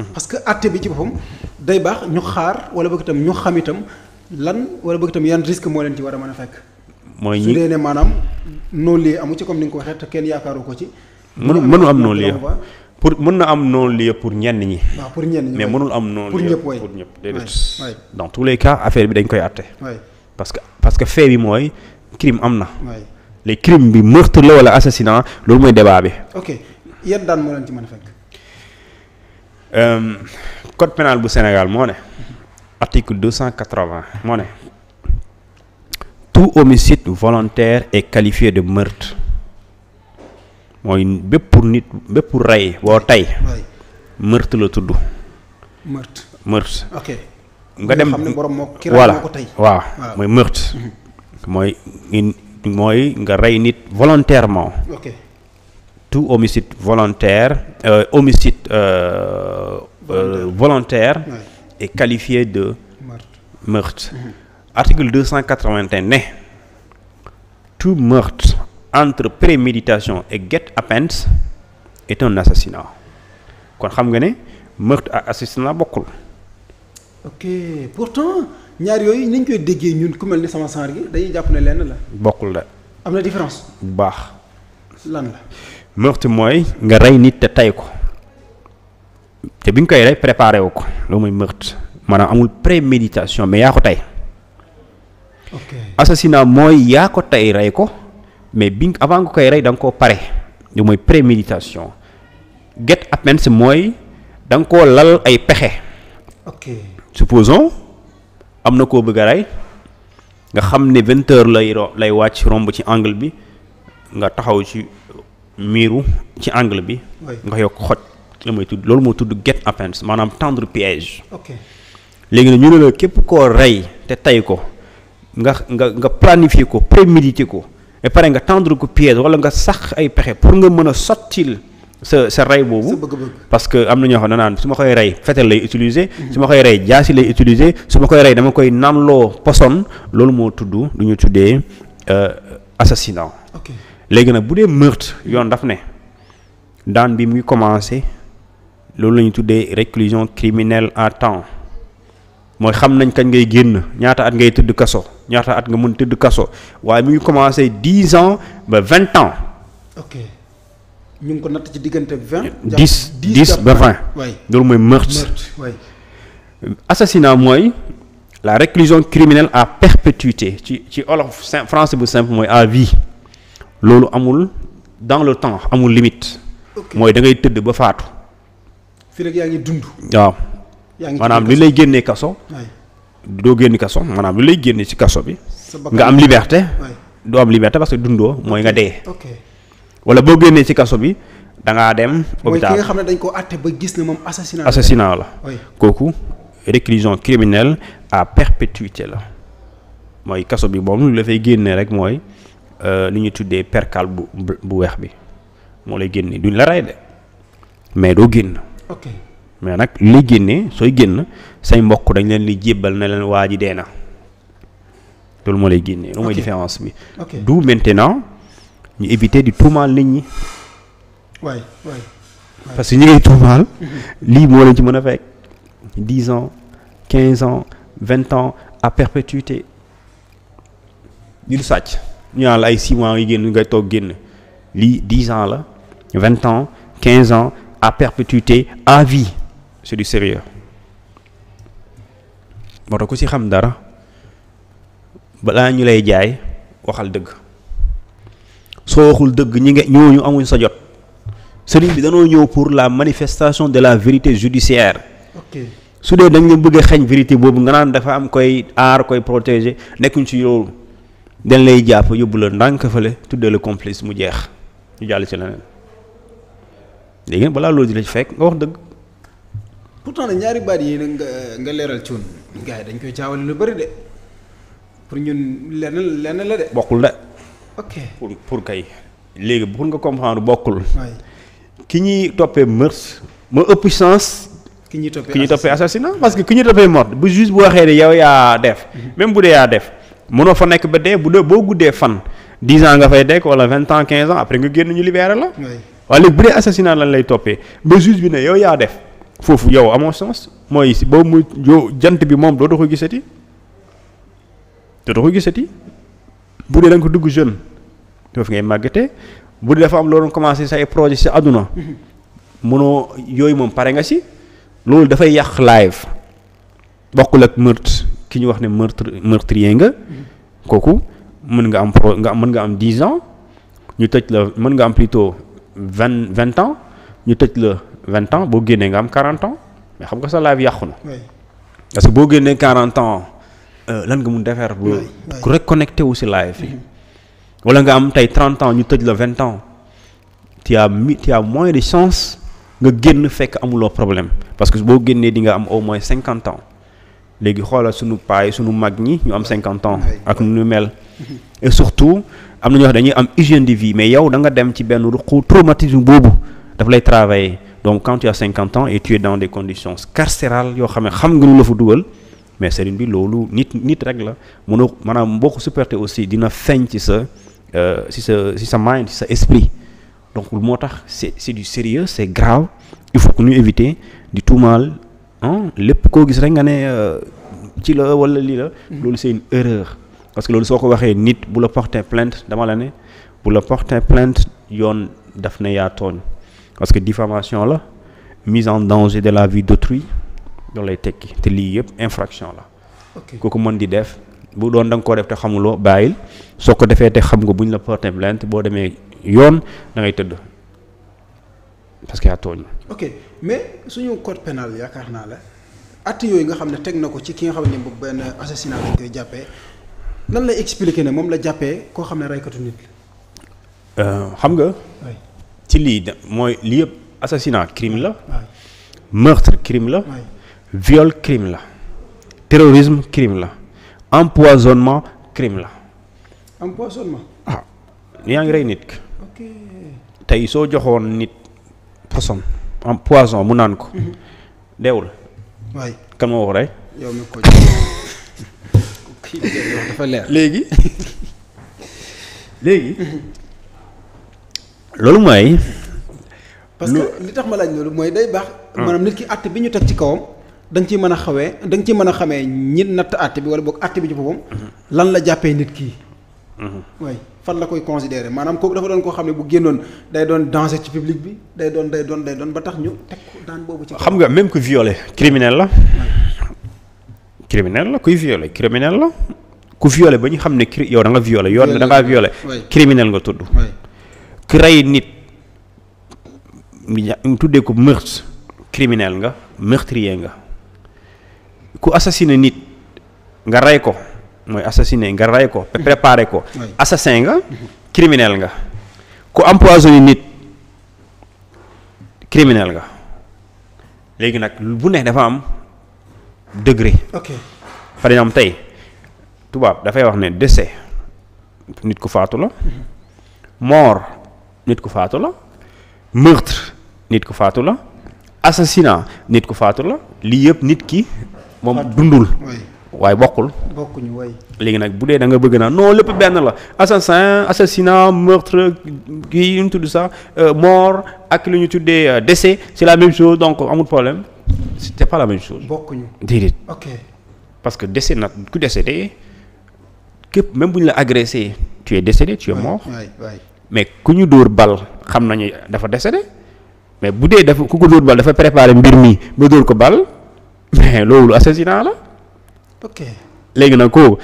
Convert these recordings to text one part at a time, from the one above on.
Mhm. parce que àtte bi ci boppam day baax ñu xaar wala bëgg itam ñu xam itam lan wala bëgg itam yan risque moo leen ci war a mën a fekk. mooy ñi su dee ne maanaam non lieu amu ci comme ni nga ko waxee te kenn yaakaaru ko ci. mënu mënu am non lieu pour mën na am non lieu pour ñenn ñi. waaw pour ñenn ñi mais mënul am non lieu pour ñëpp waay pour ñëpp déedéet. dans tous les cas affaire bi dañ koy àtte. parce que parce que fait bi mooy crime am na. les crimes bi meurtre la wala assassinat loolu mooy débat bi. ok yan daan moo leen ci mën a fekk. Euh, code pénal bu Sénégal moo ne article deux cent quatre-vingt moo ne tout homicide volontaire est qualifié de meurtre mooy bépp nit bépp rey boo tey meurtre la tudd meurtre meurtre nga dem voilà waaw mooy meurtre mhm. mooy nga rey nit volontairement tout homicide volontaire euh, homicide euh, euh volontaire oui. est de meurtre, meurtre. Mmh. article 281 tout meurtre entre préméditation et guet-apens est un assassinat kon xam nga ne meurtre ak assassinat bokkul ok pourtant ñaar yooyu ni koy déggee ñun ku mel ni sama saar gi dañuy jàpp ne lenn la. bokkul la. am na différence. bu baax. meurtre mooy nga rey nit te tay ko te bi nga koy rey préparé wu ko loolu mooy meurtre maanaam amul préméditation mais yaa ko tey. ok mooy yaa ko tey rey ko mais bi avant nga koy rey da nga koo pare loolu mooy préméditation get offense mooy da nga koo lal ay pexe. ok supposons am na ko bëgg a rey nga xam ne vingt lay lay wàcc romb ci angle bi nga taxaw ci. miiru ci angle bi. nga yokk xoj la mooy tudd loolu moo tudd get appendice maanaam tendre piège. ok léegi nag ñu ne la képp ko rey te tay ko nga nga nga planifier ko préméditer ko ba pare nga tendre ko piège wala nga sax ay pexe pour nga mën a sottil sa sa rey boobu parce que am na ñoo xam ne naan su ma koy rey fetel lay utiliser su ma koy rey jaasi lay utiliser su ma koy rey dama koy naanloo poson loolu moo tudd du ñu tuddee euh, assassinat léegi nag bu dee meurtre yoon dafa ne daan bi muy commencé loolu la ñu tuddee réclusion criminelle à temps mooy xam nañ kañ ngay génn ñaata at ngay tëdd kaso ñaata at nga mën tëdd kaso waaye mu ngi commencé dix ans ba vingt ans. ñu ngi ko natt ci diggante vingt. dix dix ba vingt. loolu mooy meurtre. waay mooy la réclusion criminelle à perpétuité ci ci olof France bu simple mooy à vie. loolu amul dans le temps amul limite. mooy da ngay tëdd ba faatu. fii rek yaa ngi dund. waaw maanaam li lay génnee kaso. doo génn kaso maanaam li lay génne ci kaso bi. nga am liberté. doo am liberté parce que dundoo mooy nga dee. wala boo génnee ci kaso bi dangaa dem. hôpital mooy ki nga dañ koo àtte ba gis ne moom assassinat la. la kooku réclision criminelle à perpétuité la mooy kaso bi moom lu la fay génnee rek mooy. Euh, li ñu tuddee percal bu bu weex bi moo lay génne duñ la rey de mais doo génn. ok mais nag li génne sooy génn say mbokk dañ leen li jébbal na leen waa ji dee na loolu moo lay génne. loolu différence bi. ok d'où maintenant ñu éviter di tuumaal nit ñi. waay waay. parce que ñi mhm. lii moo leen ci mën a fekk dix ans quinze ans vingt ans à perpétuité ñu du sàcc. ñu naan la ay 6 mois yi génn nga toog génn li 10 ans la vingt ans quinze ans à perpétuité à vie c'est du sérieux moo tax ku ci xam dara balaa ñu lay jaay waxal dëgg soo waxul dëgg ñi nga ñu amuñ sa jot sëriñ bi danoo ñëw pour la manifestation de la vérité judiciaire su dee dañ la bëgg a xañ vérité boobu nga naan dafa am koy aar koy protéger nekkuñ si loolu dañ lay jàpp yóbbu la ndànk fële tuddee la complice mu jeex ñu jàll ci leneen léegi nag balaa loolu di la ci fekk nga wax dëgg. pourtant nag ñaari baat yi nag nga nga leeral ci woon gars yi dañ koy caawale lu bëri de pour ñun lenn lenn la de. bokkul de. ok pour pour kay. léegi pour nga comprendre bokkul. ki ñuy toppee meurtre ma ëpp chance. ki ñuy toppee assassinat ki ñuy toppee assassinat parce que ki ñuy toppee meurtre bu juge bu waxee ne yow yaa def. Mhm. même bu dee yaa def. mënoo fa nekk ba dee bu dee boo guddee fan dix ans nga fay dekk wala vingt ans quinze ans après nga génn ñu libéré la. waaye léegi bu dee assassinat lañ lay toppee ba juge bi ne yow yaa def foofu yow amoon sens mooy si boobu mu yow jant bi moom doo ko gisati doo ko gisati bu dee da ko dugg jeune foofu ngay màggatee bu dee dafa am loolu commencé say projet si àdduna mënoo yooyu moom pare nga si loolu dafay yàq live bokkul ak meurtre. ki ñu wax ne meurtre meurtrier nga kooku mën nga am pro nga mën nga am dix ans ñu tëj la mën nga am plutôt vingt vingt ans ñu tëj la vingt ans boo génnee nga am quarante ans mais xam nga sa live yàqu na. parce que boo génnee quarante ans euh, lan nga mun defar bu reconnecté wu si live yi walla nga am tey trente ans ñu tëj la vingt ans ti as mi tu as moins de chance nga génn fekk amuloo problème parce que boo génnee di nga am au moins cinquante ans. léegi xoolal suñu paay suñu mag ñi ñu am cinquante ans ak nu mel et surtout am na ñoo xam dañuy am hygiène de vie mais yow da nga dem ci benn ruqu traumatisme boobu daf lay travailler donc quand tu as cinquante ans et dans des conditions carcérales yoo xam ne xam nga lu la fa dugal mais sëriñ bi loolu nit nit rek la mënoo maanaam boo ko supporté aussi dina feeñ ci sa euh, ci sa ci sa mind ci sa esprit donc moo tax c'est c'est du sérieux c'est grave il faut que ñu éviter lépp koo gis rek nga ne euh, ci la wala lii la. Hmm. loolu c'est une erreur. parce que loolu soo ko waxee nit bu la porter plainte dama la ne bu la porter plainte yoon daf na yaa tooñ parce que diffamation la mise en danger de la vie d'autrui loolu lay tekki te lii yëpp infraction la. ok ku ko mën di def bu doon da nga koo def te xamuloo bàyyil soo ko defee te xam nga bu ñu la porter plainte boo demee yoon da ngay tëdd parce que yaa tooñ. mais suñu code pénal yaakaar naa la at yooyu nga xam ne teg na ko ci ki nga xam ne bu benn assassinat lañ koy jàppee nan lay expliquer ne moom la jàppee koo xam ne reykatu nit euh, xam nga. ci lii de mooy li yëpp assassinat crime la. meurtre crime la. viol crime la. terrorisme crime la. empoisonnement crime la. empoisonnement. ah yaa ngi rey nit. tey soo joxoon nit poson. am poison mu naan ko. Mhm. deewul. waay kan moo wax rey. yow mi ko léegi léegi. loolu mooy. parce que li tax ma laaj loolu mooy day baax. Ah. maanaam nit ki àtte bi ñu teg ci kawam. da nga ciy mën a xawee da nga ciy mën a xamee ñi natt àtte bi wala boog àtte bi ci boppam. Mhm. lan la jàppee nit kii. Mhm. fan la koy considéré maanaam kooku dafa doon ko xam ne bu génnoon day doon danger ci public bi day doon day doon day doon ba tax ñu teg ko daan boobu ci. xam nga même ku violé criminel la. criminel la kuy violé criminel la ku violé ba ñu xam ne cri yow danga nga violé yoon da ngaa violé. criminel nga tudd. ku rey nit ñu tuddee ko meurtre criminel nga meurtrier nga ku assassiné nit nga rey ko. mooy assassiné nga rey ko préparé ko assassin nga criminel nga ku empoisonné nit criminel nga léegi nag bu ne dafa am degré ok tey tubaab dafay wax ne décès nit ku faatu la moor nit ku faatu la meurtre nit ku faatu la assassinat nit ku faatu la lii yëpp nit ki moom dundul waaye bokkul. bokkuñu waay. léegi nag bu dee da nga bëgg naa non lépp benn la assassin assassinat meurtre kii yu ñu tudd sax euh, mort ak lu ñu tuddee euh, décès ci la même chose donc amul problème c'était pas la même chose. bokkuñu déedéet. parce que décès nag ku décédé képp même bu ñu la agressé tu es décédé tu es mort. waay waay mais ku ñu dóor bal xam nañu dafa décédé mais bu dee dafa ku ko dóor bal dafa préparé mbir mi ba dóor ko bal loolu assassinat la. ok léegi nag ko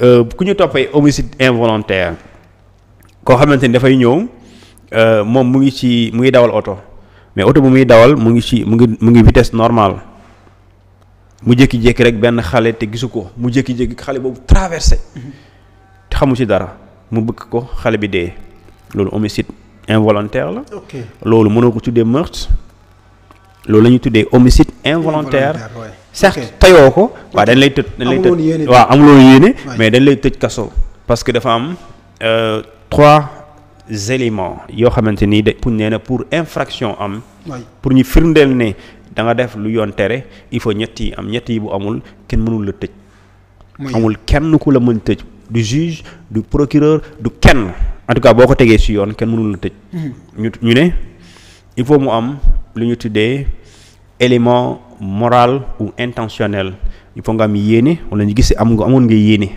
euh, ku ñu toppee homicide involontaire koo xamante ni dafay ñëw euh, moom mu ngi ci mu ngi dawal oto mais oto bu muy dawal mu ngi ci mu ngi mu ngi vitesse normal mu jékki-jékki rek benn xale te gisu ko mu jékki-jékki xale boobu traversé te xamu ci dara mu bëgg ko xale bi dee loolu homicide involontaire la. loolu mënoo ko tuddee meurtre loolu la ñuy tuddee homicide involontaire. certes tayoo ko waaw dañ lay tëj dañ lay tëj waaw amuloo dañ lay tëj kaso parce que dafa am euh, trois éléments yoo xamante nii da pour nee na pour infraction am pour ñu firndeel ne danga def lu yoon tere il faut ñetti yi am ñett yi bu amul kenn mënul la tëj amul kenn ku la mën tëj du juge du procureur du kenn en tout cas boo ko tegee ci yoon kenn mënul la tëj mm-hmm. ñu ñu ne il faut mu am lu ñu tuddee élément morale ou intentionnelle il faut nga am yéene wala ñu gis am nga amoon nga yéene.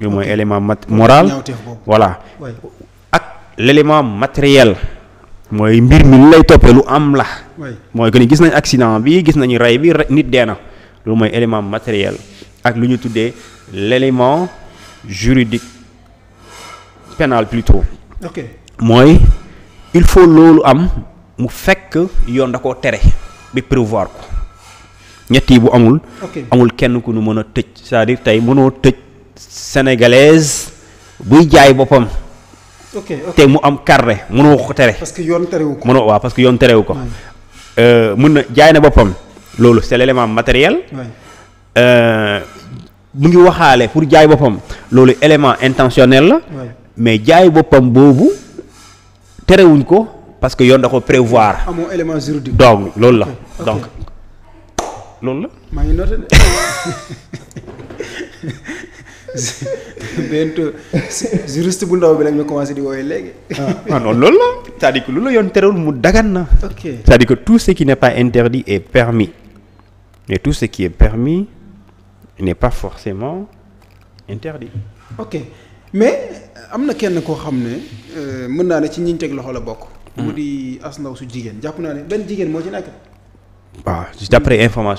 yooyu mooy élément mat moral voilà ak l'élément matériel mooy mbir mi lu lay toppee lu am la mooy gis nañ accident bi gis nañu rey bi nit dee na loolu mooy élément matériel ak lu ñu tuddee l'élément juridique pénal plutôt ok mooy il faut loolu am mu fekk yoon da koo tere bi prévoir ñett yi bu amul. amul kenn ku nu mën a tëj cest à tey mënoo tëj sénégalaise buy jaay boppam. te mu am carré mënoo ko tere. parce que yoon terewu ko mënoo waaw parce que yoon terewu ko. Euh, mën na jaay na boppam loolu c'est l'élément matériel. Euh, mu ngi waxaale pour jaay boppam loolu élément intentionnel la. mais jaay boppam boobu terewuñ ko parce que yoon da ko prévoir. amoo élément juridique donc loolu la loolu la. maa ngi noté de. benn juriste bu ndaw bi nag ñu commencé di woowee léegi. ah, ah non loolu la c'est-à-dire lu la yoon terewul mu dagan na. ok c'est-à-dire que tout ce qui n'est pas interdit est permis mais tout ce qui est permis n'est pas forcément interdit. ok mais am na kenn koo xam ne euh, mën naa ne ci ñiñ teg loxo la bokk. mu hmm. di as ndaw su jigéen jàpp naa ne benn jigéen moo ci nekk. waaw d'après information.